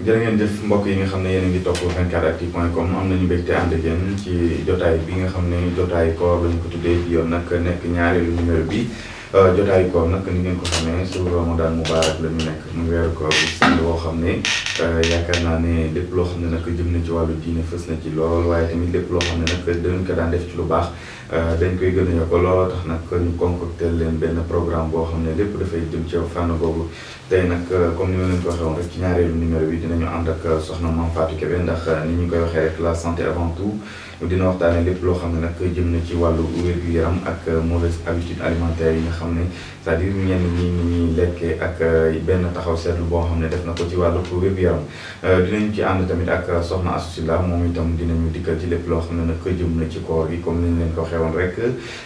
jërë ngeen jëf mbokk yi nga xam ne yéen a ngi topp 24actu point com am nañu mbégte ànd ak ci jotaay bi nga xam ne jotaayu koor lañu ko tuddee ci yoon nag nekk ñaareelu numéro bi euh, jotaayu koor nag ni ngeen ko xamee su ramadan daan la ñu nekk mu weeru koor bu sell woo xam ne euh, yaakaar naa ne lépp loo xam ne nag jëm na ci wàllu diine fës na ci lool waaye tamit lépp loo xam ne nag dañ ko daan def ci lu baax Euh, dañ koy gën a yokk looloo tax nag ñu concocté leen benn programme boo xam ne lépp dafay jëm ci fànn boobu tey nag euh, comme ni ma leen ko waxee woon ci ñaareelu numéro bi dinañu ànd ak euh, soxna Mame Fatou Kébé ndax ni ñu koy waxee rek la santé avant tout dina waxtaanee lépp loo xam ne nag jëm na ci wàllu wér-gu-yaram ak mauvaise habitude alimentaire yi nga xam ne c'est-à-dire ñenn ñi lekkee ak euh, benn taxaw seetlu boo xam ne def na ko ci wàllu wér-gu-yaram euh, dinañ ci ànd tamit ak soxna Asusila moom itam dinañu dikkal ci lépp loo xam ne nag jëm na ci koor gi comme ni ñu leen ko xewoon rek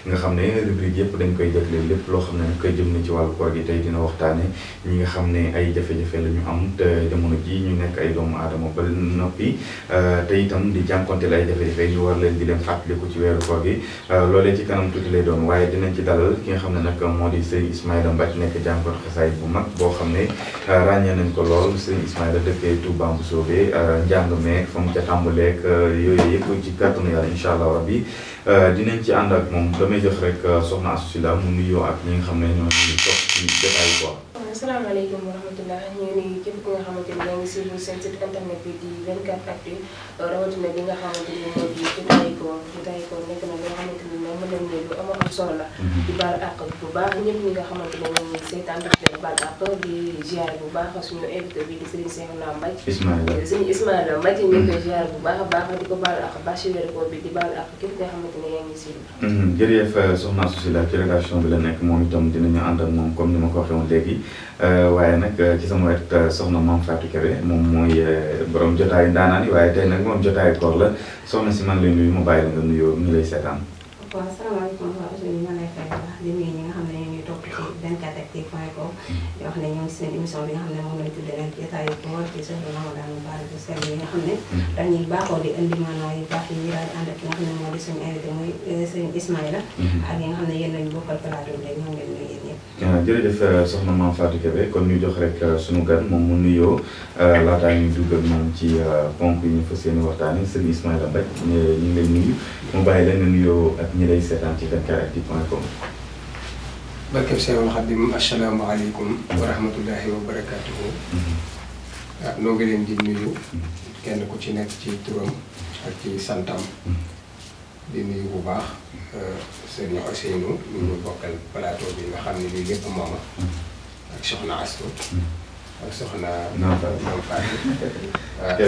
nga xam ne yëpp dañ koy jagleel lépp loo xam ne nag jëm na ci wàllu koor gi tey dina waxtaane ñi nga xam ne ay jafe-jafe la ñu am te jamono ji ñu nekk ay doomu aadama ba noppi euh, te itam di jànkonteel ay jafe-jafe ñu war leen di leen fàttaliku ci weeru koor gi loolee ci kanam tuuti lay doon waaye dinañ ci dalal ki nga xam ne nag moo sëriñ a Mbacke nekk jànkoot xasaay bu mag boo xam ne euh, ràññee nañ ko lool sëriñ Ismaïla dëkkee Touba bu soobee euh, njàng meek fa mu ca tàmbaleek euh, yooyu yëpp ci kàttanu yàlla incha allah rabbi dinañ ci ànd ak moom damay jox rek soxna Assousila mu nuyoo ak ñi xam ne ñoo ngi toog ci jotaay quoi. asalaamaaleykum wa rahmatulah ñu ngi képp ki nga xamante ni bi di 24 actu bi nga xamante ni moo ko nekk na loo xam moom mën nañu mhm. bi ñu la nekk moom itam dinañu ànd ak moom comme ni ma ko waxee léegi euh, waaye nag euh, ci sama wet euh, soxna Mame Fatou Kébé moom mooy borom jotaayu ndaanaan waaye tey nag moom jotaayu koor la soxna si man lay nuyu ma bàyyi la ñu lay seetaan waaw salaamaaleykum waa Ousseynou ñu ngi lay fay bu baax nga xam 24 actu point com di wax soxna Ramadan Mubarak bu kon ñu jox rek suñu gan moom mu nuyoo laataa ñu dugg moom ci ponk yi ñu fas yéene waxtaane sëñ Ismaïla Mbaye ñu ngi nuyu mu bàyyi la nuyoo ak ñi lay seetaan ci 24actu point com barkeb Seexul Xaadim asalaamaaleykum wa rahmatullahi wa barakaatuhu waaw mm-hmm. ah, noo ngi leen di nuyu mm-hmm. kenn ku ci nekk ci turam ak ci santam mm-hmm. di nuyu bu baax ah, sëñ Ousseynou ñu ñu bokkal plateau bi nga xam ne lii lépp mooma ak soxna Astou ak soxna Nampal waaw ah,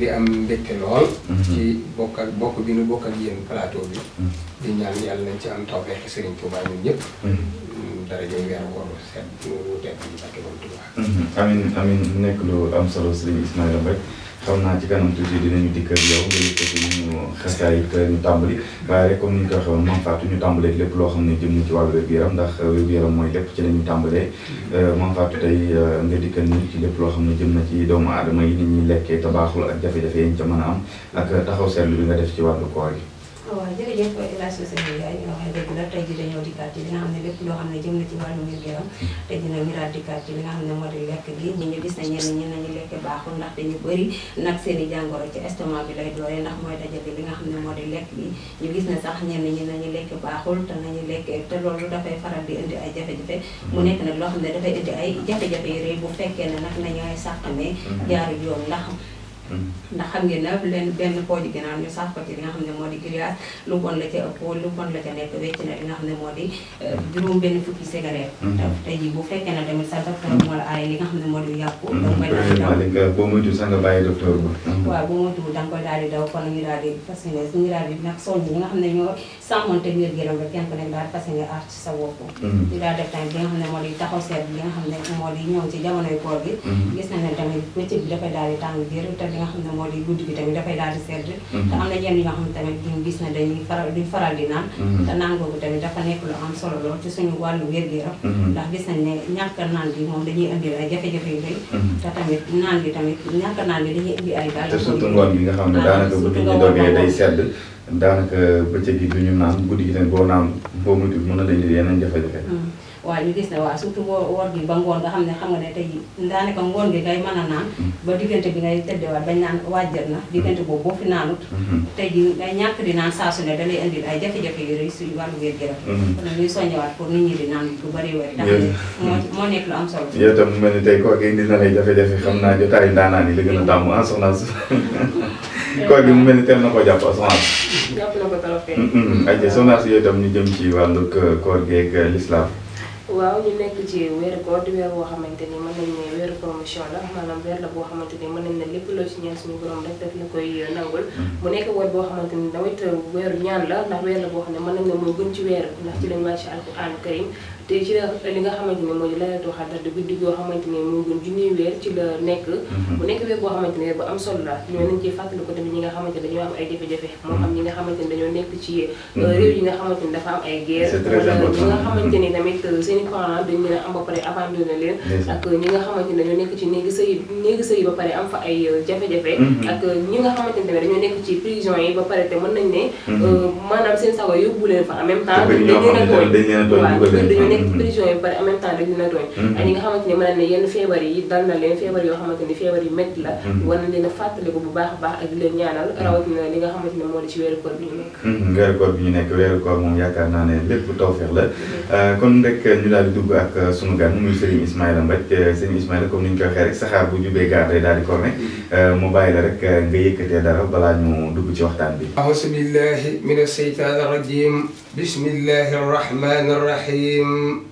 di am mbégte lool ci bokk bokk bi nu bokk ak palaato bi di ñaan yàlla nañ ci am tawfeex Sëriñ Tuubaa ñun ñëpp dara jël weeru koor nekk lu am solo Serigne Ismaïla Mbaye xam naa ci kanam tuuti dinañu dikk ak yow nga yëkkati ñu xasaay it ñu tàmbali waaye rek comme ni ñu ko waxee woon Mame Fatou tàmbalee lépp loo xam ne jëm na ci wàll wér yaram ndax wér yaram mooy lépp ci la ñuy tàmbalee euh, Mame Fatou tey euh, nga dikkal ñu ci lépp loo xam ne jëm na ci doomu aadama yi ni ñuy lekkee te baaxul ak jafe-jafe yi ca mën a am ak taxaw seetlu bi nga def ci wàllu koor yi waaw jërëjëf El Hadj Ousseynou Ndiaye tey jii dañoo dikkaat ci li nga xam ne loo xam ne jëm na ci wàllu wér yaram tey jii nag ñu daal dikkaat ci li nga xam ne moo di lekk ñu gis na seen i jàngoro ci estomac bi lay dooree ndax mooy dajale li nga xam ne moo di lekk gi ñu gis na sax ñenn ñi nañu lekk baaxul te nañu lekk te loolu dafay faral di ay jafe-jafe mu nekk nag loo xam ne dafay indi ay jafe-jafe yu rëy bu fekkee ne nag nañooy sàqamee mm-hmm. jaaru yoon ndax ndax xam ngeen ne leen benn koo ji gannaaw ñu sax ko ci li nga xam ne moo di grillage lu bon la ca ëpp lu bon la ca nekk wecc na li nga xam ne moo di euh, mm. juróom benn fukki cigarette mm. tey jii bu fekkee na tamit sa docteur moo la aaye li nga xam ne moo di yàqu mm. da nga koy daal di daw boo moytu sax nga bàyyi docteur ba waaw boo moytu da nga koy daal di daw kon ñu daal di fas yéene ñu daal di nag soññ ñi nga xam ne ñoo sàmmoon te wér gëram rek kenn ku nekk daal fas yéene aar ci sa bopp ñu daal def tamit li nga xam ne moo di taxaw seet li nga xam ne moo di ñëw ci jamonoy koor gi gis nañ ne tamit bëccëg bi dafay daal di tàng jër nga xam ne moo di guddi bi tamit dafay daal di sedd mhm. te am na ñenn ñoo xam tamit duñ gis ne dañuy faral di naan mhm. te naan googu tamit dafa nekk lu am mhm. ndax gis nañ ne ñàkk naan bi moom dañuy indil ay jafe-jafe yu bëri te tamit naan bi tamit ñàkk naan bi dañuy indi ay daal te surtout ngoon bi nga xam ne ah, daanaka bu nit ñi day sedd daanaka bëccëg yi duñu naan guddi gi tamit boo naan boo muytu mën na dañu yeneen jafe-jafe waaye ñu gis ne waaw surtout woor gi ba ngoon nga xam ne xam nga ne tey daanaka ngoon gi ngay mën a naan mm-hmm. ba diggante bi ngay tëddewaat bañ naan waajal na mm-hmm. mm-hmm. naan saa su naan lu mel ni a ah, si koor gi mu mel ni teel na ko jàpp ah, soxna si jàpp si yow tam ñu jëm ci wàllu euh, koor geeg euh, lislaam waaw ñu nekk ci weeru koor di weer woo xamante ni mën nañ ne weeru promotion la maanaam weer la boo xamante ni mën nañ ne lépp loo ci ñaan suñu borom rek daf la koy nangul mm-hmm. mu nekk weer boo xamante ni tamit weeru ñaan la ndax weer la boo xam ne mën nañ ne moo gën ci weer ndax ci lañ wàcc alquraan karim te ci la li nga xamante ne mooy laylatul xadar di guddi goo xamante ne moo gën junniy weer ci la nekk bu nekk weer boo xamante ne bu am solo la ñoo nañ ciy fàttali ko tamit ñi nga xam ñi ne dañoo nekk ci dafa am ay guerre ñi nga xamante ne tamit seen i parents dañ leen am ba pare abandonné leen ak ñi nga xamante nekk ci néegi sëy ba pare am fa ay jafe-jafe ak ñi nga xamante ne tamit dañoo nekk ci prison yi ba pare te mën nañ ne maanaam seen sago yóbbu leen fa en même temps dañ leen nekk mhm. prison yi pare en même temps dañu la tooñ mhm. nga xamante ne mën na ne yenn feebar yi dal na leen feebar yoo xamante ne feebar yu métti la mhm. war na leen fàttaliku bu baax baax ak leen ñaanal rawatina li nga xamante ne moo di ci weeru bi ñu nekk weeru koor bi ñu nekk weeru moom yaakaar naa ne lépp tawfeex la euh, kon rek ñu daal di dugg ak euh, sunu gan muy Serigne Ismaïla Mbathie euh, Serigne Ismaïla comme ni ñu ko waxee rek saxaar bu jubee gaar day daal di corne mu bàyyi la rek nga dara balaa ñu dugg ci بسم الله الرحمن الرحيم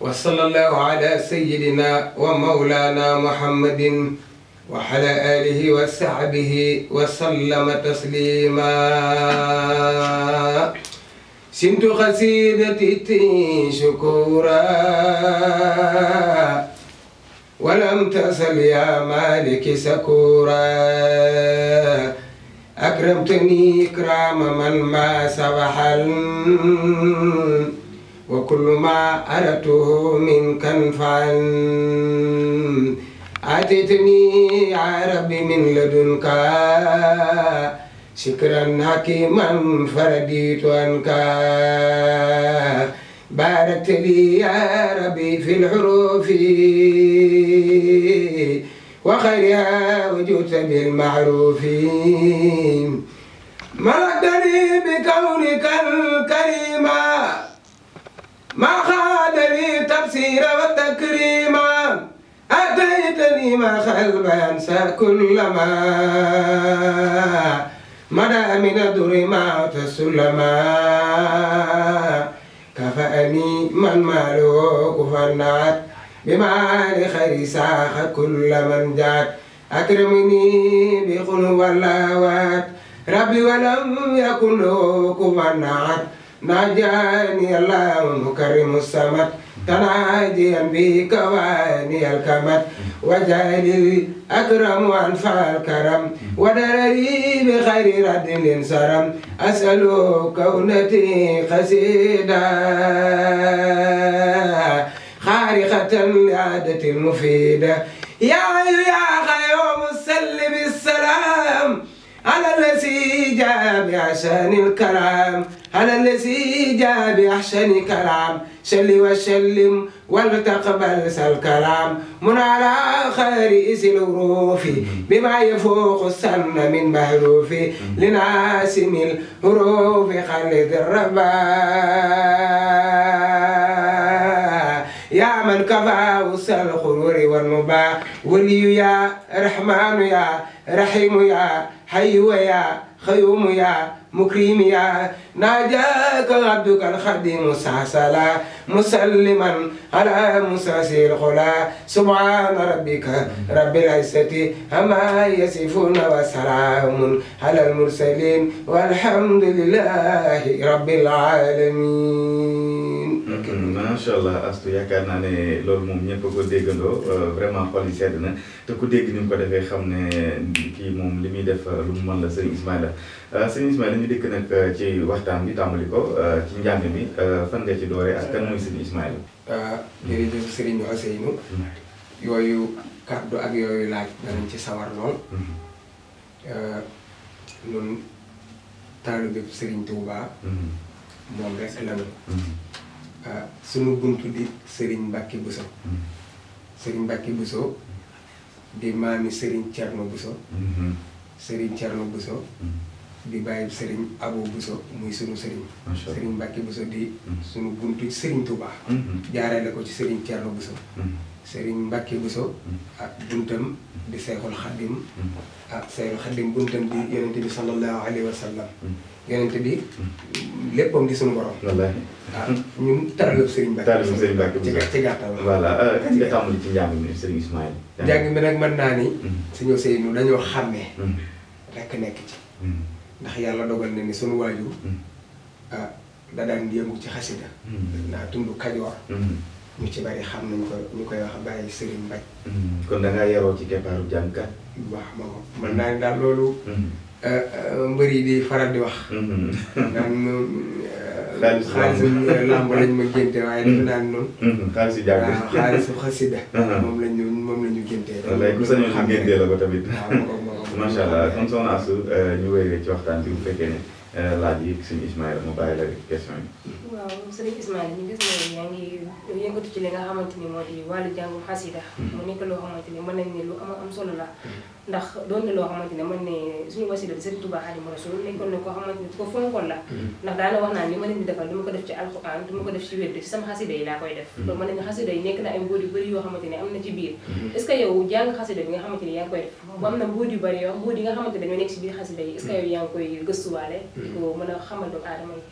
وصلى الله على سيدنا ومولانا محمد وعلى آله وصحبه وسلم تسليما سنت قصيدتي شكورا ولم تزل يا مالك سكورا أكرمتني إكرام من ما سبح وكل ما أردته منك فعل آتيتني يا ربي من لدنك شكرا حكيما فرديت عنك باركت لي يا ربي في الحروف وخيرها وجدت بالمعروف ملكتني بكونك الكريم ما خادني تفسير والتكريم أتيتني ما خلب أنسى كلما مدى من الدر ما تسلما كفأني من ماله كفرنات بمعاني خريساخ كل من جات أكرمني بخلو اللوات ربي ولم يكن له كفوا أحد نجاني الله مكرم الصمد تناجيا بكواني الكمد وجعلي أكرم أنفع الكرم ودرري بخير رد انصرم أسأل كونتي قصيدا خارقة العادة المفيدة يا يا خيوم سلم السلام على الذي جاء بأحسن الكلام على الذي جاء بأحسن كلام سل وسلم ولتقبل الكلام من على خير إس الوروف بما يفوق السن من معروف لنعاسم الهروف خلد الرباب يا من كفى وسع الغرور والنباع ولي يا رحمن يا رحيم يا حي ويا خيوم يا مكرم يا ناجاك عبدك الخديم مسعسلا مسلما على مساسي الخلا سبحان ربك رب العزة أما يصفون وسلام على المرسلين والحمد لله رب العالمين macha allah astu yaakaar naa ne loolu moom ñëpp ko déggandoo euh, vraiment xol yi sedd na te ku dégg ni mu ko defee xam ne kii moom li muy def euh, lu mu mën la sëñ Ismaïla euh, sëñ Ismaïla ñu dikk nag ci waxtaan bi tàmbali ko ci njàng bi fan nga ci dooree ak kan mooy sëñ Ismaïla. jërëjëf Serigne Ousseynou. Mm-hmm. yooyu kàddu ak yooyu laaj danañ ci sawar lool. ñun mm-hmm. taalibe Serigne Touba. Mm-hmm. moom rek lañu. ah sunu buntu di Serigne Mbacke Bousso mm-hmm. Serigne Mbacke Bousso di maami Serigne Thierno Bousso mm-hmm. Serigne Thierno Bousso mm-hmm. di bàyyi Serigne Abo Bousso muy sunu Serigne. Serigne Mbacke Bousso di sunu buntu Serigne Touba. jaaree la ko ci Serigne Thierno Bousso. Serigne Mbacke Bousso mm-hmm. ak buntam di mm-hmm. Seexul Xadim mm-hmm. ak Seexul Xadim buntam di yonente bi sallallahu alayhi wa sallam bi léppam gi sunu borom. wallaahi ah ñun taalib Serigne Mbacke. taalib Serigne Mbacke Bousso ci gàttal. voilà euh, nga tàmbali ci njàng mi Serigne Ismaïl. njàng mi nag mën naa ni. suñu Seydou dañoo xàmmee. rekk nekk ci. ndax yàlla dogal na ni sunu waajur. ah da daan yëngu ci xasida. naa tund Kajoor. ñu ci bari xam nañ ko koy wax bàyyi Serigne Mbaye. Hmm, kon da ngaa ci keppaaru jàngkat. waaw moom mën naa ne daal loolu. Hmm. Euh, euh, mbër yi di faral di wax. Hmm. naan euh, xaalis xaalis làmb lañ ma génte waaye defe naa ne noonu. xaalis yu jàng xaalis bu xasida moom lañ ñu moom la ñu géntee. wallay ku sañoon ñu géntee la ko tamit. waaw macha allah kon soxna Astou ñu ci waxtaan bi bu fekkee ne. Eh, laaj yi sëñ Ismaïla mu bàyyi la question yi. waaw sëriñ Ismaïla ñu gis ne yaa ngi yëngatu ci li nga xamante ni moo di wàllu jàngu xasida mm-hmm. mu nekk loo xamante ni mën nañ ne lu am am solo la. Mm-hmm. ndax doon na loo xamante ne man ne suñu wasila bi Serigne Touba Xaadimu Rasuul nekkoon na koo xamante ne ku ko fonkoon la mm-hmm. ndax daana wax naan li ma leen di defal li ma ko def ci alxuraan li ma ko def ci wér di sama xasida yi laa koy def mm-hmm. loolu ma ne xasida yi nekk na ay mbóot yu bëri yoo xamante ne am na ci biir mm-hmm. est-ce que yow jàng xasida bi nga xamante ne yaa ngi koy def bu am na mbóot yu bëri yoo mbóot yi nga xamante ne dañoo nekk ci biir xasida yi est-ce que yow yaa ngi koy gëstuwaale ko mën a xamal doomu aadama yi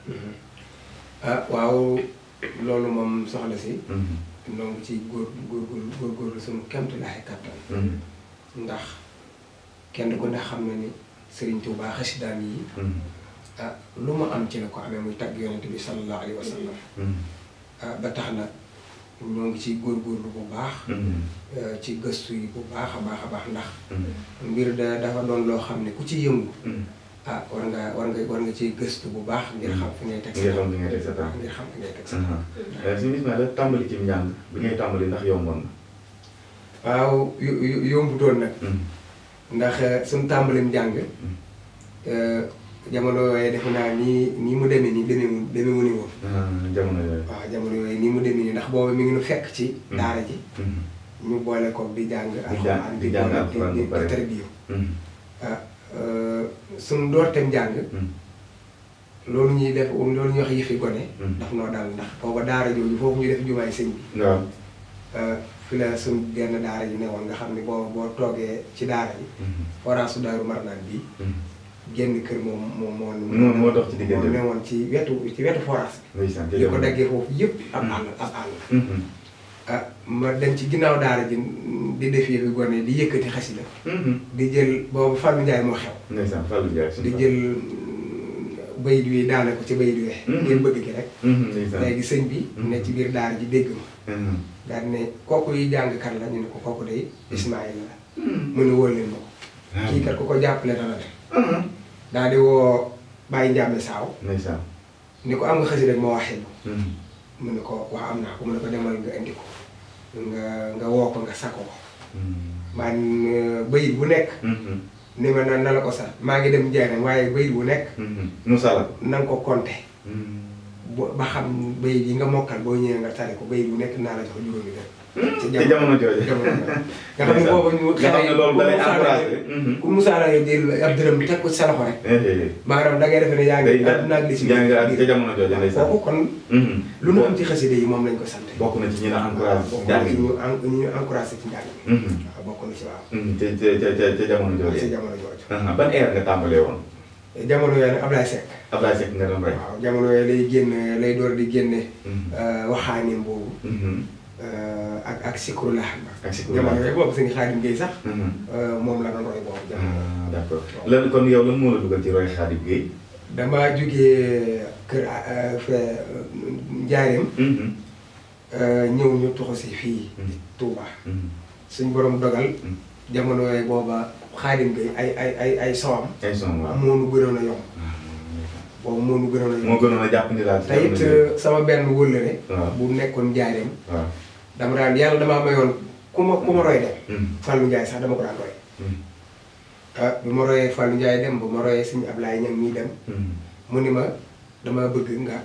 ah waaw loolu moom soxna si donc ci góor góor góorgóorlu suñu kemt laay kattan ndax kenn ku ne xam na ni baax Touba xasidaam yi hmm. ah lu ma am ci la ko amee muy tagg yonent bi sallallahu alayhi hmm. ah, ba tax na ñoo ngi ciy góorgóorlu bu baax hmm. ah, ci gëstu yi bu baax a baax a baax ndax ngir da dafa doon loo xam ne ku ci yëngu ah war nga war nga war nga gëstu bu baax ngir xam fi ngay teg sa tànk ngir xam fi ngay teg sa tànk suñu gis naa la tàmbali ci njàng bi ngay tàmbali ndax yomboon na waaw yombutoon nag ndax euh, suñu tàmbalim jàng mm-hmm. euh, jamono yooyu def naa ni nii mu demee nii demeewul demeewu ni woon. Ah, jamono yooyu. waaw jamono yooyu nii mu demee nii ndax boobu mi ngi nu fekk ci. Mm-hmm. daara ji. Mm-hmm. ñu boole ko di jàng. alxuraan di jàng alxuraan di boole di tarbiyo. ah euh, suñu doorteem jàng. loolu ñuy def loolu ñuy wax yëfi gone. daf noo dal ndax booba daara jooju foofu ñu def jumaay sëñ bi. fi la suñ genn daara yi newoon nga xam ne boo boo toogee ci daara yi. Mhm. forage su Daaru Marnaan bi mhm. génn kër moom moom moo. moo moo dox ci diggante bi moo newoon ci wetu ci wetu forage bi. li ko daggee foofu yëpp ab àll mhm. ab àll. ah ma dem ci ginnaaw daara ji di def yëfi gone di yëkkati xasida di jël boobu Fallou Ndiaye moo xew. ndeysaan Fallou Ndiaye di jël mm, bayit wi daane ko ci bayit wi. ngir bëgg gi rek. léegi sëñ bi. ne ci biir daara ji dégg ma. Hmm. daal ne kooku yi jàng kan la ñu ne ko kooku day hmm. Ismaïl la. Hmm. mu ne wóor leen ma ko. Ah, kii kat ku ko jàppale dana de. daal di woo Baye Ndiame ni ko am nga xasida rek moo waxee. mu ne ko wax naa ko mu ne ko demal nga indi nga nga woo ko nga sakko ko. man uh, bayit bu nekk. ni ma na na ko sax maa ngi dem Ndiaye waaye bayit bu nekk. nu sala na ko compter. ba xam bay bi nga mokkal boo ñëwee nga tari ko bay bu nekk naa la hmm? ci jamono jooju ne booba ñu xale loolu dalay encouragé hmm. ku musaaraay jël ab dërëm bi teg ko ci sa loxo rek eh, eh, eh. maanaam da ngay defe ne yaa ngi àdduna hmm. lu nu am ci xasida moom la encouragé na ci ñu ñu encouragé ci njàng mi waaw bokk nga tàmbalee jamono yooyu nag Ablaye Seck. nga doon waaw jamono yooyu lay génn lay door di génne. Mhm. Euh, waxaanim boobu. Mhm. Euh, ak ak sikru la xam ak sikru la jamono yooyu mhm. euh, moom la doon roy boobu jamono. Ah, d'accord lan kon yow ñëw ñu tuxu fii. Touba. suñ borom dogal. jamono yooyu booba. xaadim bi ay ay ay ay sawam. ay sawam waaw moo nu gënoon a yomb. boobu ah, moo nu gënoon a yomb. moo gënoon a jàpp ni daal. te it euh, sama benn wëllëre. bu nekkoon njaareem. waaw dama daan yàlla damaa mayoon ku ma ku ma roy dem. Hmm. Fallou Ndiaye sax dama ko daan roy. Hmm. ah bi ma royee Fallou Ndiaye dem ba ma royee suñu Ablaye ñam mii dem. Hmm. mu ni ma dama bëgg nga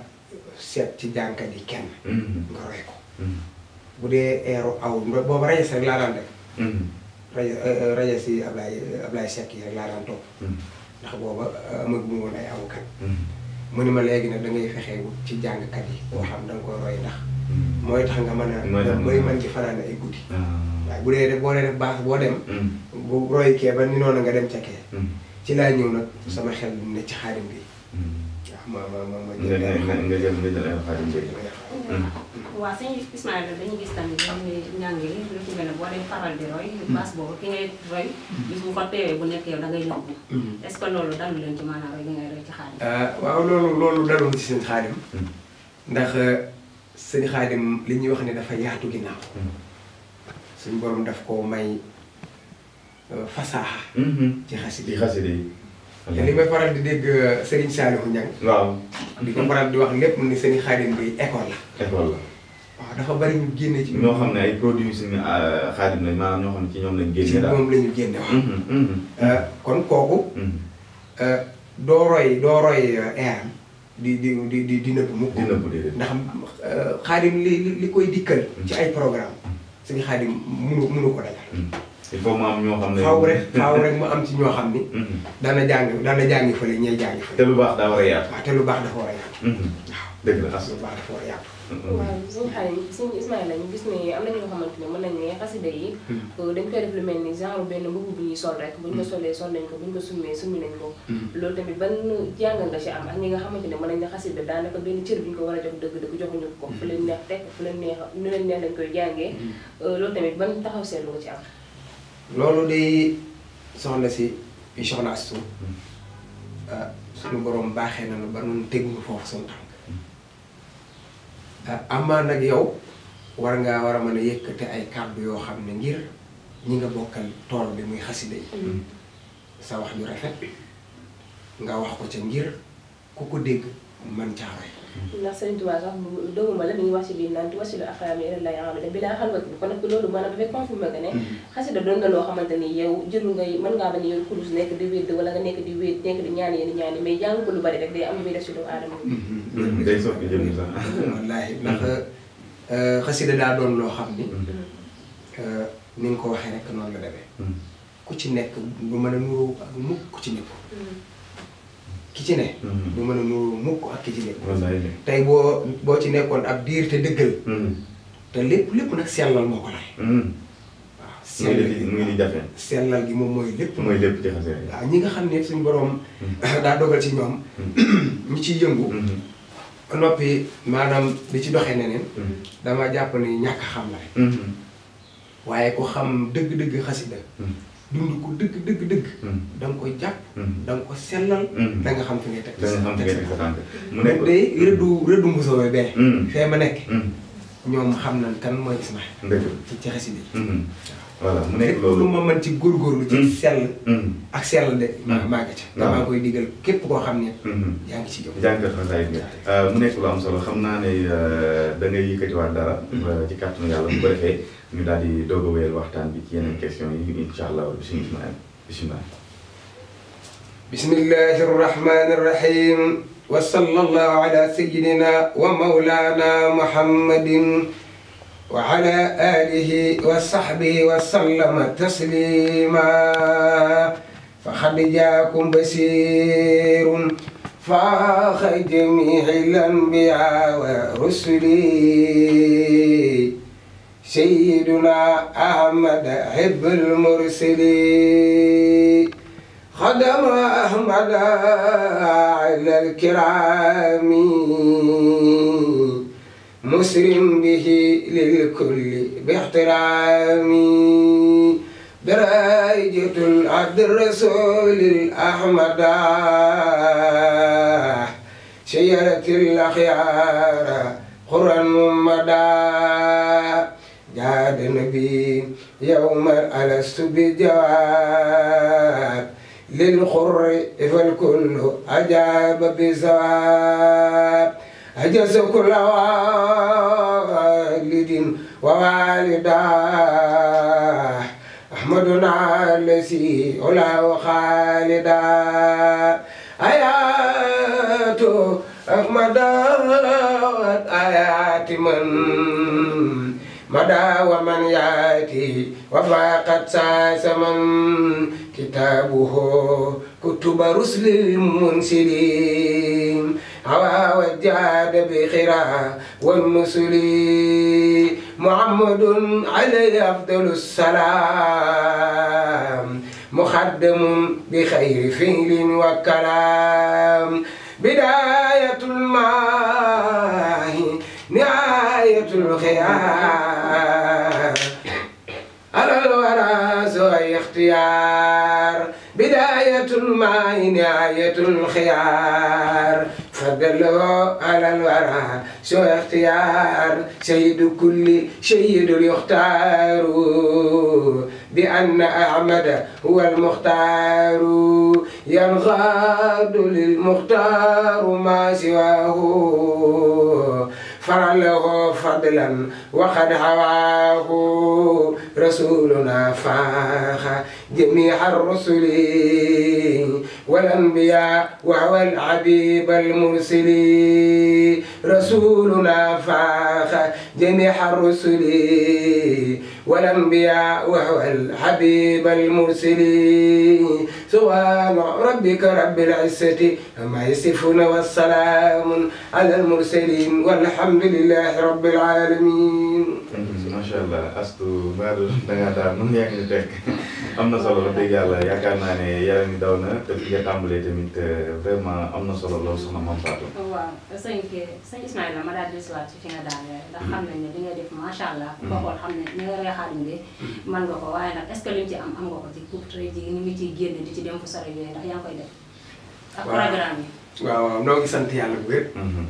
seet ci jànkat yi kenn. nga roy ko. bu dee eeru aw booba rajo sax laa daan def. rajo rajo si Ablaye Ablaye Seck yi rek laa topp. ndax booba amaguma woon ay avocat. mu ne ma léegi nag da ngay fexe wut ci jàngkat yi boo xam da nga ko roy ndax. mooy tax nga mën a. mooy man ci fanaan ay guddi. waaye bu dee boo dee def baax boo dem. bu roy kee ba ni noonu nga dem ca kee. ci laa ñëw nag sama xel ne ci xaarim bi. waaw ma ma ma ma jël nga jël nga jël xaarim bi. waaw sëñ Ismaïla dañu gis mm-hmm. ko mm-hmm. mm-hmm. loolu euh, waaw loolu loolu daloon ci sëñ xaadim ndax euh, sëñ xaadim li ñuy wax ni dafa yaatu ginnaaw suñ borom daf ko may euh, fasaaxa ci xasida ci xasida yi te li may faral di dégg Serigne Saliou Niang waaw di ko faral di wax lépp ni sëñ xaadim bi école la waaw dafa bari ñu génne ci. ñoo xam ne ay produits suñu ah, xaadim lañ maanaam ñoo xam ne ci ñoom lañ. génne daal mm-hmm, mm-hmm. Euh, kon kooku. Mm-hmm. Euh, doo roy doo euh, di di di di di nëbb mukk. di nëbb ndax xaadim li li koy dikkal. ci ay programme suñu xaadim mënu mënu ko dajal. il mu am ñoo xam ne faaw rek faaw rek mu am ci ñoo xam ni. dana jàng dana jàngi fële ñooy jàngi fële. te lu baax daa a te lu baax dafa war a yaatu. waaw lu baax dafa war a yaatu. waaw suñu xale yi suñu Ismaïla ñu gis ne am na ñoo xamante ne mën nañ ne xasida yi hmm. euh, dañ koy def lu mel ni genre benn mbubu bu ñuy sol rek buñ ko hmm. solee sol nañ ko buñ ko summee summi nañ ko hmm. ban jàngal nga ci am nga xamante ne mën nañ ne xasida daanaka benn cër bi ñu ko war a jox dëgg-dëgg fu leen neex teg fu leen neex nu leen neex dañ koy jàngee euh, loolu tamit ban taxaw seetlu nga ci am loolu day soxna si soxna Astou euh, suñu borom baaxee nañu ba nun tegu foofu suñu Eh, amaa nag yow war ngaa war a mën a yëkkate ay kàddu yoo xam ne ngir ñi nga bokkal tool bi muy xasida yi mm-hmm. sa wax ju rafet nga wax ko ca ngir ku ko dégg man caa roy mm-hmm. ndax Sëriñ Tuubaa sax la mi ngi wax ci biir naan wasilu bi laa xalwat bi kon nag loolu maanaam dafay confirmé que ne mm-hmm. xasida doon na loo xamante ni yow jëlu ngay mën ngaa bañ a yor kurus nekk di wédd wala nga nekk di wéet nekk di ñaan yéen ñaan mais jàng ko lu bari rek day am lu def ci doomu day soppi jëm sax. wallaahi ndax euh, xasida daa doon loo xam ni. Mm-hmm. Euh, ni nga ko waxee rek noonu la demee. Mm-hmm. ku ci nekk du mën a nuroo ak mukk ku ci nekk. Mm-hmm. ki ci ne. du mën a nuroo mukk ak ki ci nekk. tey boo boo ci nekkoon ak diir te dëggal. te lépp lépp nag sellal moo ko lay. waaw sellal gi moom mooy lépp. mooy lépp ci xasee waaw ñi nga xam ne suñ boroom daa dogal ci ñoom. ñu ciy yëngu. ba noppi maanaam di ci doxee neneen mm-hmm. dama jàpp ne ñàkk xam la rek mm-hmm. waaye ku xam dëgg-dëgg xasida mm-hmm. dund ko dëgg dëgg dëgg da nga koy jàpp da ko sellal da xam fi ngay teg mu nekk day rëddu rëddu mbusoobe bee fee ma nekk ñoom xam na kan mooy Ismaïla ci xasida yi voilà mu nekk loolu ma mën ci góorgóorlu. ci mm. sell. Mm. ak sell de. Mm. maa maa ngi ca. damaa koy digal képp koo xam ne. Mm-hmm. yaa ngi ci jóg. jàngat xasaay bi euh, mu nekk lu am solo xam naa ne euh, da ngay yëkkatiwaat dara. Mm-hmm. ci kàttanu yàlla bu ko defee ñu daal di doog waxtaan bi ci yeneen question yi incha allah bisimilah bisimilah. bismillahi rahmani rahim. wa sallallahu ala sayyidina wa mawlana muhammadin وعلى آله وصحبه وسلم تسليما فقد جاكم بشير فاخ جميع الأنبياء ورسلي سيدنا أحمد حب المرسلين خدم أحمد على الكرام مسلم به للكل باحترامي درائجة عبد الرسول الأحمد شيرة الأخيار قرا ممدا جاد النبي يوما ألست بجواب للخر فالكل أجاب بزواب أجز كل والد ووالدا أحمدنا الذي أولى خالدا آيات أحمد آيات من مدى ومن ياتي وفاقت ساس من كتابه كتب رسل المنسلين هوى والجهاد بخرا والنسل محمد عليه أفضل السلام مخدم بخير فعل وكلام بداية الماء نهاية الخيار على الورى سوى اختيار بداية الماء نهاية الخيار فقل له على الورى سو اختيار سيد كل سيد يختار بأن أحمد هو المختار ينغاد للمختار ما سواه فعله فضلا وقد هواه رسولنا فاخ جميع الرسل والأنبياء وهو الحبيب المرسل رسولنا فاخ جميع الرسل والأنبياء وهو الحبيب المرسلين سبحان ربك رب العزة عما يصفون والسلام على المرسلين والحمد لله رب العالمين macha allah astu Mbadou da ngaa daal mën yaa ngi ñu am na solo wax dëgg yàlla yaakaar naa ne yaram yi daw na te fi nga tàmbalee tamit euh, vraiment am na solo lool soxna Mame Fatou. Oh, waaw sëñ sëñ Ismaïla ma daal di siwaat ci fi nga daanee ndax nga def macha allah. ba xool xam ni nga rey xaalis bi mën nga ko waaye nag est ce que liñ ci am am nga ko ci coupe ji ni di ci dem fu sore yooyu ndax yaa koy def. ak programme yi. waaw waaw noo ngi sant yàlla bu wér. Mhm.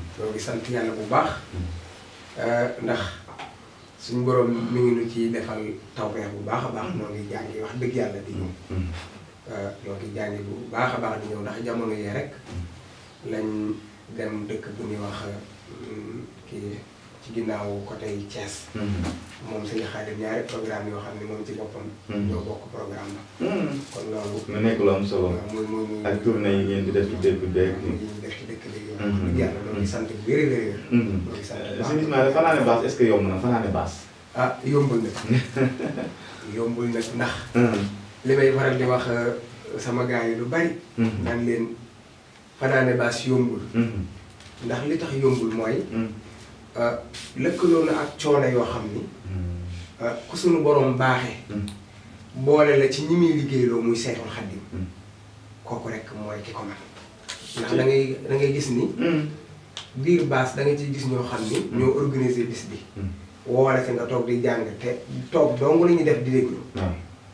noo suñu borom mi ngi nu ci defal tawfeex bu baax a baax noo ngi jàngi wax dëgg yàlla di ñëw mm-hmm. euh, noo ngi jàngi bu baax a baax di ñëw ndax jamono yee rek mm-hmm. lañ dem dëkk bu ñuy wax mm, kii ci ginnaaw côté cees moom suñu xaalis ñaari programme yoo xam ne moom ci boppam. Hmm. ñoo bokk programme la. Hmm. mu nekk lu am solo. ak tournée yi ngeen di def ci dëkk bi ak. ñu def ci dëkk bi. Hmm. di jàll a na ah, li may waral di wax euh, sama gars yi lu bari. naan leen fanaane baas yombul. ndax li tax yombul mooy. Euh, lëkkaloo na ak coono yoo xam ni hmm. euh, ku suñu boroom baaxee hmm. boole la ci ñi muy liggéeyloo muy Seexul Xaddim hmm. kooku rek mooy ki ko man ndax da ngay da ngay gis ni biir baas da nga ciy gis ñoo xam ni ñoo organiser bis bi woola si nga toog di jàng te toog dong la ñuy def di déglu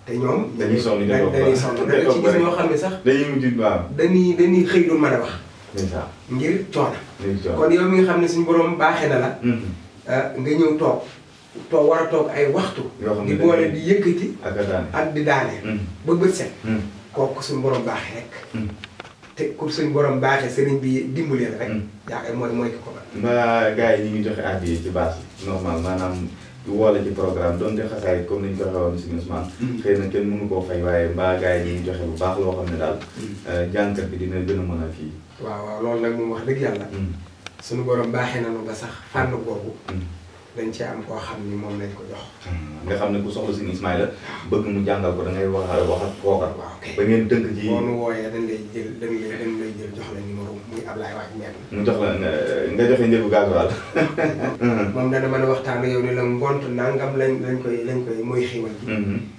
te ñoom dañuy sonn dañuy sonn da nga ci gis ñoo xam ne sax dañuy mujj waaw dañuy dañuy xëy du mën a wax ngir coono kon yow mi nga xam ne suñu borom baaxee na la. Mm-hmm. Ah, nga ñëw toog. toog war a toog ay waxtu. di boole di yëkkati. ak di daane mm-hmm. ba bët set. Mm-hmm. kooku suñu borom baaxee rek. te ku suñu borom baaxee sëriñ bi dimbali la rek. yaakaar mooy mooy ki ko mën. mbaa gars yi ñu ngi joxe addiya ci base bi. normal maanaam woole ci programme donte xasaay comme ni ñu ko waxee woon si Ousmane. xëy waaye mbaa gars yi ñu ngi joxe bu baax loo xam ne daal. Ah, jànkat bi dina gën a mën a kii. waaw waaw loolu nag moom wax dëgg yàlla. Hmm. suñu borom na nañu ba sax fànn boobu. Hmm. dañ cee am koo xam ni moom lañ ko jox. Hmm. nga xam ne ku soxla si Ismaïla bëgg mu jàngal ko da ngay wax wax ak kooka. waaw kay ba ngeen dënk ji. boo nu jox la numéro muy Ablaye Waaj nga joxe njëgu gasoil. moom dana mën waxtaan yow ni la ngont nangam lañ lañ koy lañ koy mooy xiwal ji.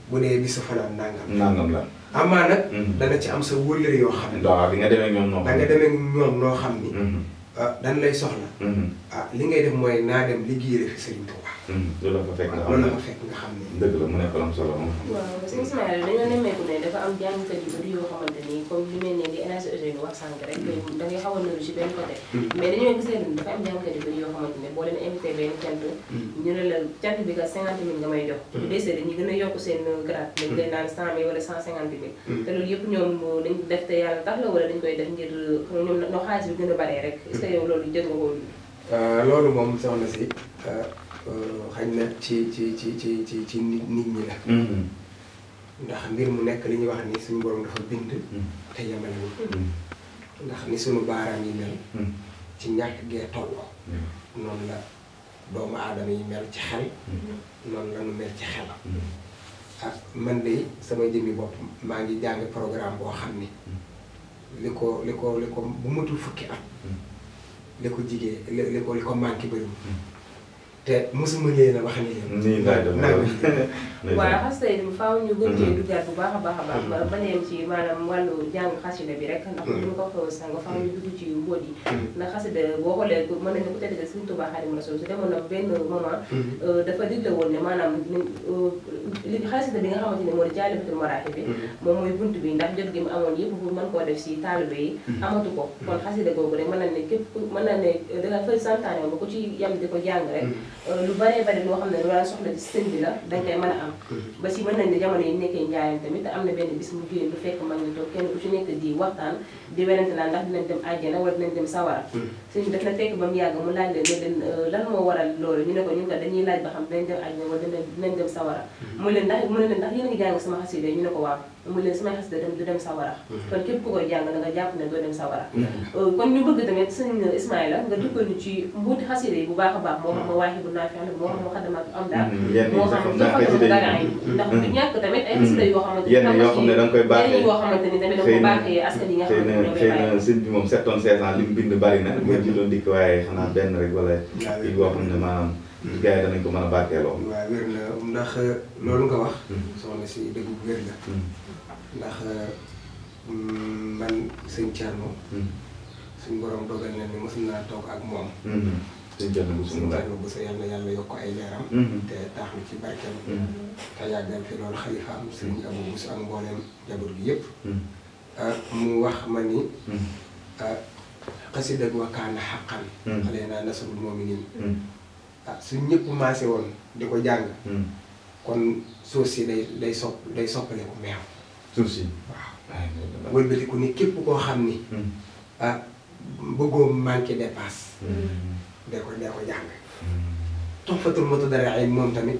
bu dee bisu fanaan nangam. nangam la. amaa nag. Mm-hmm. dana ci am sa wëllëre yoo xam ne. waaw bi nga demee ñoom noo xam ne da demee ñoom noo xam ni. Mm-hmm. ah dañ lay soxla. Mm-hmm. ah li ngay def mooy naa dem liggéeyal fi Serigne Touba. Mm, loolu la fa fekk nga xam ne nga xam ne. dëgg la mu nekk lu am solo moom. waaw sëñ Ismaël dañoo nemmeeku dafa am jàngkat yu bëri yoo xamante ni comme li mel ne li mm. a mm. dañoo gisee ne dafa am jàngkat yu bëri yoo xamante ne boo leen invité benn cant. ñu ne la cant bi kat cinquante mille nga gën a yokk seen grade. dañu koy naan cent mille wala cent cinquante mille. te def wala dañ koy def ngir ñoom noo xaalis bi gën a baree rek. est-ce que yow loolu moom nga ko euh, si euh, Euh, xañ na ci ci ci ci ci ci nit nit ñi la. Mm-hmm. ndax mbir mu nekk li ñuy wax ni suñu borom dafa bind. Mm-hmm. te yemale mm-hmm. ndax ni suñu baaraam yi mel. ci ñàkk gee tolloo. noonu la doomu aadama yi mel ci xal noon la ñu mel ci xel. ah man de sama jëmmi bopp maa ngi jàng programme boo xam ni. li ko li ko li ko bu matul fukki at. li ko jigéen li ko li ko manqué bëriwul. te mosuma leen a wax ni leen. nii laaj la waaw waaw xasida yi faaw ñu gën cee mhm. duggaat bu baax a baax a baax. Mhm. ba neen ci maanaam wàllu jàng xasida bi rek. ndax mhm. bu ñu ko xew sang faaw ñu dugg ci mbóot boo xoolee ko tëddee Sëriñ Tuubaa Xaadimu Rasuul su demoon na benn moment. Euh, dafa digle woon ne maanaam euh, li xasida bi nga xamante ne moo bi. moom mooy bunt bi ndax jot gi mu amoon yëpp pour mën koo def si taalibe yi. amatu ko kon xasida googu rek mën na ne képp mën na ne da nga santaane ba ku ci yam di ko jàng rek Euh, lu bëree bëri loo xam ne wala soxla ci sëñ bi la dañ koy a am ba si mën nañ ne jamono yi nekkee njaayeen tamit am na benn bis mu génn du fekk mag ñi toog kenn ku ci nekk di waxtaan di werante naan ndax dinañ dem àjjana wala dinañ dem sawara hmm. sëñ bi daf la fekk ba mu yàgg mu laaj leen euh, waral loolu ñu ne ko ñun ko dañuy laaj ba xam dinañ dem dem sawara hmm. mu leen ndax mu leen ndax yéen a ngi jàng sama xasida ñu ne ko waaw mu leen samay xasida dem du dem sawara mhm. kon képp ku koy jàng da nga jàpp ne doo dem sawara mhm. euh, kon ñu bëgg tamit sëñ Ismaïla nga mhm. dugal ñu ci mbuuti xasida yi bu baax a baax moo xam ma waaxi bu naa fex moo xam ma xadamaat am daal moo xam dafa dara yi ndax du ñàkk tamit ay xasida yoo xamante ni yenn yoo xam ne da nga koy baaxee yoo xamante ni tamit da nga koy baaxee askan yi nga xam ne xëy na sëñ bi moom sept tonnes cinq cent li mu bind bari na mooy juróom dikk waaye xanaa benn rek wala yi boo xam ne maanaam gars yi danañ ko mën a baaxee loolu waaw wér la ndax euh, loolu nga wax soxna si dëgg wér la ndax mm, man sëñ Thierno. Hmm. suñ borom dogal na ni mos naa toog ak moom. Hmm. sëñ Thierno bu sa yàlla yàlla yokk ay leeram. Hmm. te taax na ci barkeem. te yàggal fi loolu xalifaam sëñ Abou Bousso ak mbooleem jabar gi yëpp. Ah, mu wax ma ni. Ah, xasida ak wakaana xaqan. xale naa nasarul moominiin. ah suñ ñëpp maase woon di ko jàng. kon suuf si day day sopp day soppale ko meew. suuf si waaw. wëlbatiku ni képp koo xam ni. Hmm. ah bëggoo manqué dépasse. Hmm. da ko da ko jàng. Hmm. toxfatul mutadarri'in moom tamit.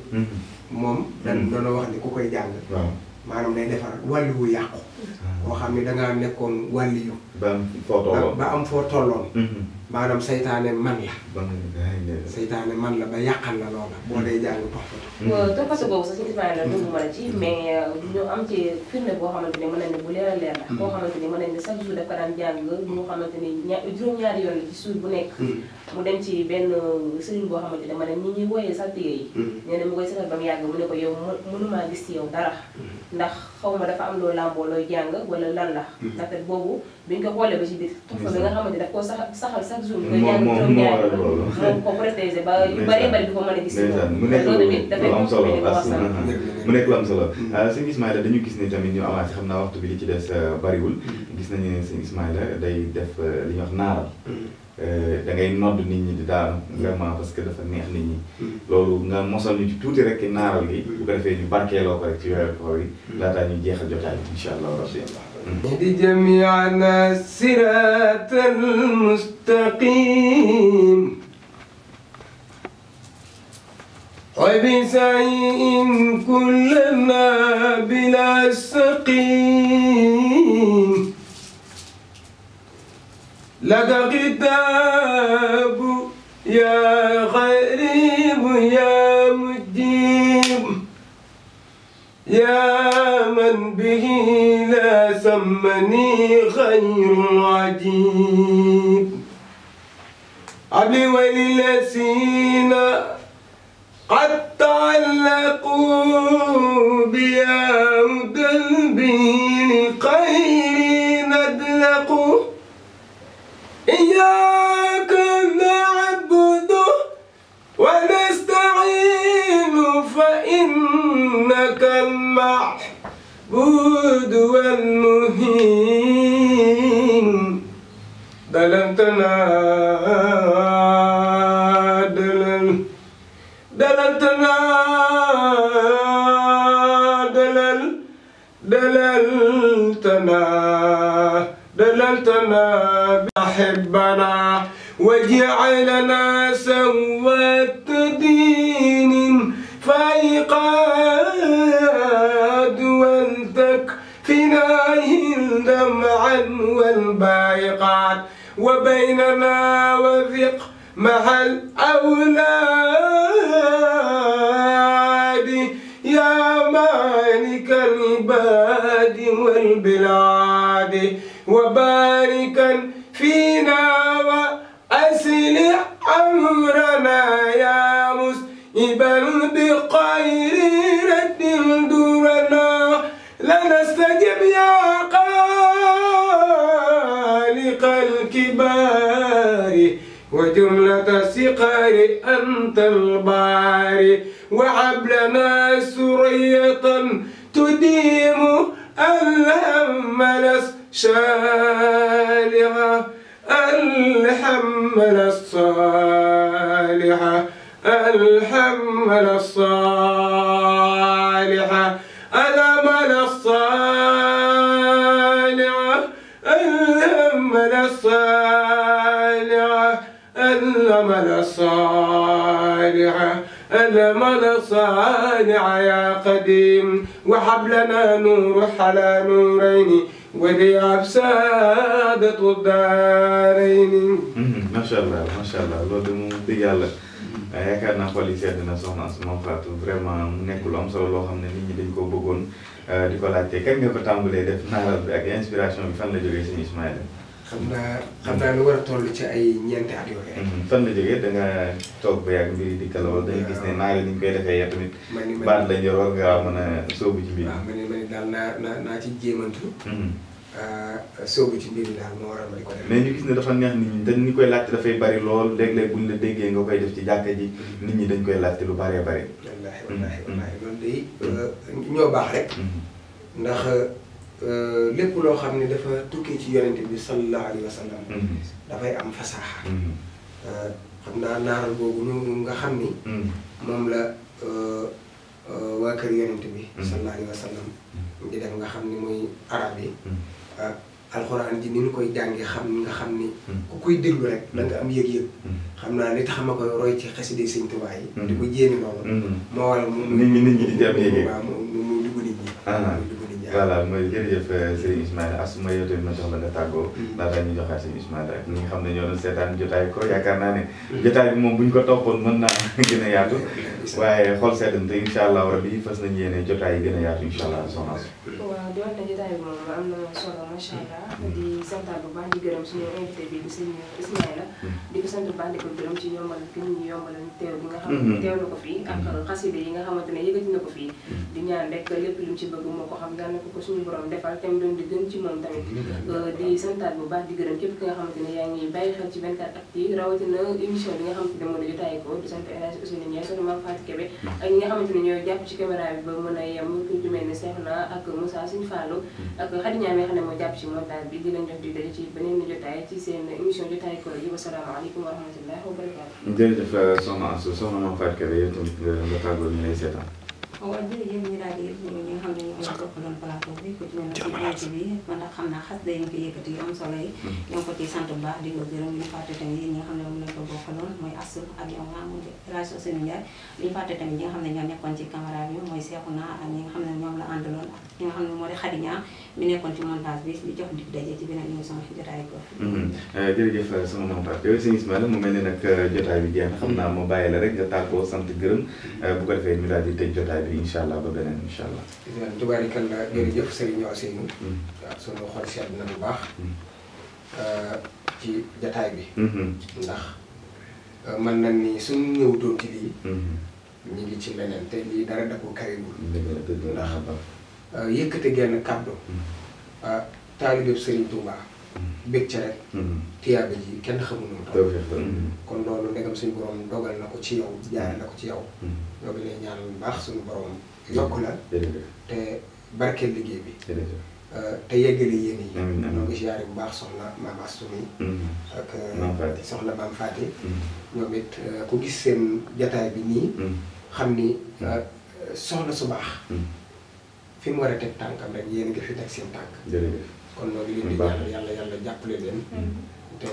moom dañ doon wax ni ku koy jàng. maanaam day defar wàllu wu yàqu. koo xam ni da ngaa nekkoon wàlli yu. foo tolloon ba am foo tolloon. maanaam saytaane man la. man la ba yàqal la loola. Mm. boo dee jàng toppatoo. Mm. toppatoo boobu sax si Ibrahima dund ma la ci mm. mais euh, ñu am ci firnde boo xamante ne mën nañ ne bu leer a leer la. boo xamante ne mën nañ ne chaque jour daan jàng ñu xamante ne juróom-ñaari yoon la ci suur bu nekk. mu dem ci benn euh, sëriñ boo xamante ne ma ne ñi ñuy wooyee saltige yi. nee na mu koy seqal ba yàgg mu ne ko yow mënumaa gis ci yow dara ndax. xaw ma dafa am loo làmboo looy jàng wala lan la. ndaxte mhm. boobu biñ ko xoolee ba ci biir. tufa bi nga xamante daf koo saxal saxal chaque ba yu mu nekk lu solo mu nekk lu am solo. Mm. Euh, dañu gis ne tamit ñu avancé xam naa waxtu bi li ci des euh, bariwul. Mm. gis nañu ne sëñ day def euh, li ñuy wax naaral. Mm. Euh, da nodd nit ñi di daanu vraiment mm. parce que dafa neex nit ñi. Mm. loolu nga mosal ñu ci tuuti rek naaral gi. bu mm. ko defee ñu barkeeloo ko rek ci weeru koor yi. laataa ñuy jeexal jotaay bi incha allah rabbi اهد جميعنا الصراط المستقيم وبسعي كلنا بلا لك كتاب يا غريب يا مجيب يا من به لا سمني خير عجيب عبلي وللذين قد تعلقوا المعبود والمهين دلتنا دلل دلتنا دلل دللتنا دللتنا ربنا واجعلنا سوة دين فإيقاد والتكفنا دمعا والبايقات وبيننا وثق مع الأولاد يا مالك الباد والبلاد وباركا بل بخير رد دورنا لنستجب يا خالق الكبار وجملة سقار أنت الباري وهب لنا سرية تديم الهم لس شالعة الهم للصالحة الحمل الصالحة الأمل الصالحة الأمل الصالحة الأمل الصالحة الأمل الصالحة يا قديم وحبلنا نور على نورين وذي أفسادة الدارين. macha allah macha allah loolu de moom dëgg yàlla a naa xol yi sedd na soxna su ma Fatou vraiment mu nekk lu am solo loo xam ne nit ñi dañ ko bëggoon di ko laajte kañ nga ko tàmbalee def naaral bi ak inspiration bi fan la jógee sëñ Ismaïla. xam naa xam naa lu war a toll ci ay ñeenti at yooyu. Mm-hmm. fan la jógee da nga toog ba yàgg mbiri dikka la wala gis ne naa la ni ñu koy defee yow tamit. man ni man a ni daal naa naa naa ci jéemantu. Mm-hmm. Ah, sóobu ci mbir mi daal moo waral ma di ko def. mais ñu gis ne dafa neex nit ñi dañ ñu koy laajte dafay bari lool léeg-léeg buñ la déggee nga koy def ci jàkka ji. Mm-hmm. nit ñi dañ koy laajte lu baree bari. wallaahi wallaahi euh, ñoo baax rek. ndax. Euh, lépp loo xam ne dafa tukkee ci yonent bi sallallahu alayhi wa sallam mhm. dafay am fasaaxa mhm. euh, xam naa naaral boobu noonu nga xam ni mhm. moom la euh, waa kër yonent bi sallallahu wa sallam nga xam ni mooy arab ji ni koy jàngee xam nga xam ni ku koy déglu rek da nga am yëg-yëg xam naa li tax ma koy roy ci xaside Sëñ Tuubaa yi di ko jéemi loolu moo waral moom nit ñi nit ñi di jàpp yëg waaw moom mu dugg nit ñi ah. voilà mooy jërëjëf euh, Serigne Ismaïla Astou ma yow tamit ma jox la nga tàggoo. Mm. laataa ñu joxaat Serigne Ismaïla ak ñi xam ne ñoo seetaan jotaay ko yaakaar naa ne. Mm. jotaay bi moom bu ko toppoon mën naa gën a yaatu. waaye xool seddam te incha allah rabi fas nañu yéene a na jotaay bi moom am na solo macha allah. Mm. di mm. nga xam mm-hmm. ne mm-hmm. yi nga xamante ne yëkkati na ko fii. Mm. di mm-hmm. yaa ngi bàyyi xel ci 24 actu yi rawatina émission bi nga xamante ne moo di jotaay ko di sant Fatou Kébé ak ñi nga xamante ne ñooy jàpp ci caméra bi ba mën a yem ku mel ni Seexna ak Moussa Sine Fallou mm. ak Khady Niamé xam ne moo jàpp ci montage bi di leen di daje ci beneen jotaay ci seen émission jotaay koor yi wasalaamaaleykum wa rahmatullahi wa barakatu jërëjëf soxna Assou soxna waaw jërëjëf ñu daal di yëpp ñi ñoo xam ne moom lañ ko bokkaloon nekkoon ci caméra bi mooy Seexuna ak ci montage bi di jox dig daje ci beneen émission jotaay ko jërëjëf sama montage sëñ Ismaïla mu mel ne nag jotaay bi jeex na xam naa ma rek nga tàggoo sant gërëm bu ko defee ñu daal di jotaay bi incha allah ba beneen incha allah. gis naa tubaarikàlla mm. jërëjëf Serigne Ousseynou. Mm. waaw sunu xol seet na bu baax. Mm. Euh, ci jataay bi. -hmm. ndax euh, mën nañ ni suñu ñëwutoon ci lii. -hmm. ñu ngi ci leneen te lii dara da koo kariwul. ndax euh, yëkkate genn kàddu. taalibeeb Serigne Touba. bég ca rek. Mm-hmm. tiyaaba ji kenn xamul nu mm-hmm. kon loolu ndegam suñu borom dogal na ko ci yow mm-hmm. jaare na ko ci yow. ñoo ngi lay ñaan baax suñu borom yokk la. te barkeel liggéey bi. Euh, te yeggale yéen yi. ñoo ngi ziare bu baax soxna maam Astou mi ak euh, soxna maam Faati. ñoom euh, ku gis seen jataay bi nii. xam ni soxna su baax. fi mu war a teg tànkam rek yéen ngi fi teg seen tànk. kon noo ngi leen di ñaanal yàlla yàlla jàppale leen mm-hmm. te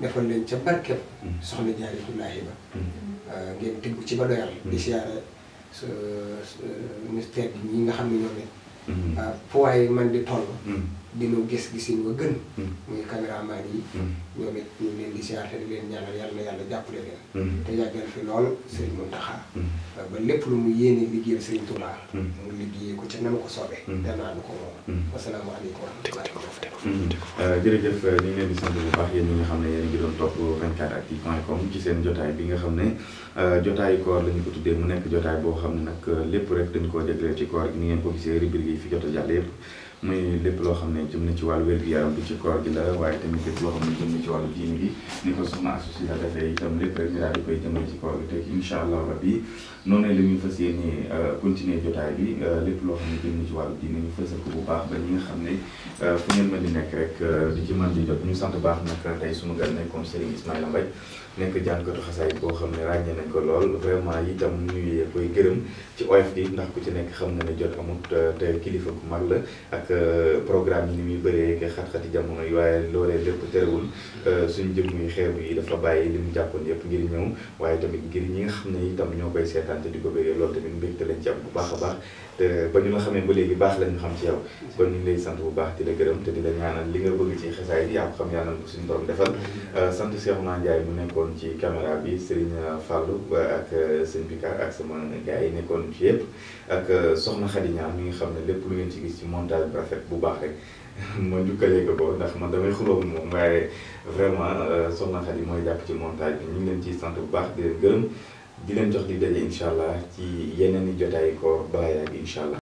defal leen ca barkeb mm-hmm. soxna jaaritulaahi ba mm-hmm. euh, ngeen tibb ci ba doyal di siyaare ministère bi ñi nga xam ne ñoo ne man euh, di toll dina gis-gisin wa gën. Hmm. muy caméraman yi. Hmm. ñoom it ñu leen di siyaare leen ñaanal yàlla na yàlla jàppale leen. Hmm. te yàggal fi lool Serigne Mountakha. ba lépp lu mu yéene liggéeyal Serigne Touba. mu liggéeyee ko ca ko soobee. danaa nu ko moom. asalaamaaleykum wa rahmatulah. Euh, jërëjëf ñu ngi leen di sant bu baax yéen ñi nga xam ne yéen a ngi doon topp 24 ci seen jotaay bi nga xam ne euh, jotaayu koor la ñu ko tuddee mu nekk jotaay boo xam ne nag euh, lépp rek dañu koo jagleel ci koor gi ni ngeen ko gisee rubrique fi jot a jàll yëpp muy lépp loo xam ne jëm na ci wàllu wér-gu-yaram bi ci koor gi la waaye tamit lépp loo xam ne jëm na ci wàll diine gi ni ko soxna associé la dafay itam lépp rek daal di allah euh, bi euh, lépp loo xam ne ci wàllu diine ñu fësal ko bu baax ba ñi nga xam ne euh, fu ngeen mën di nekk rek di ci mën di jot ñu sant baax nag tey suñu gan nekkoon Serigne Ismaïla Mbaye nekk jànkatu xasaay boo xam ne ràññee nañ ko lool vraiment itam ñuy koy gërëm ci oyof gi ndax ku ci nekk xam na ne jot amut euh, te kilifa ku mag la ak euh, programme yi ni muy bëree ak xat-xati jamono yi waaye loolee lépp terewul euh, suñ jëm muy xeebu yi dafa bàyyi li mu jàppoon yëpp ngir ñëw waaye tamit ngir ñi nga xam ne itam ñoo koy seetaan te di ko bëree loolu tamit mbégte lañ ci am bu baax a baax te ba ñu la xamee ba léegi baax lañu xam ci yow kon ñu ngi sant bu baax di la gërëm te di la ñaanal li nga bëgg ci xasaay yaa ko xam yàlla na ko suñu borom defal euh, sant Cheikhouna Ndiaye mu nekkoon ci caméra bi Serigne euh, ak sama gars yi ci yëpp ak euh, soxna Khady Niang mi nga lépp lu ngeen ci gis ci montage bi bu baax rek ma njukkalee ko ko ndax man damay xuloo moom waaye vraiment soxna Khady mooy jàpp ci montage bi ñu ngi leen ciy sant bu baax di leen gërëm di leen jox di daje incha allah yeneen i jotaay koor balaa yàgg incha allah.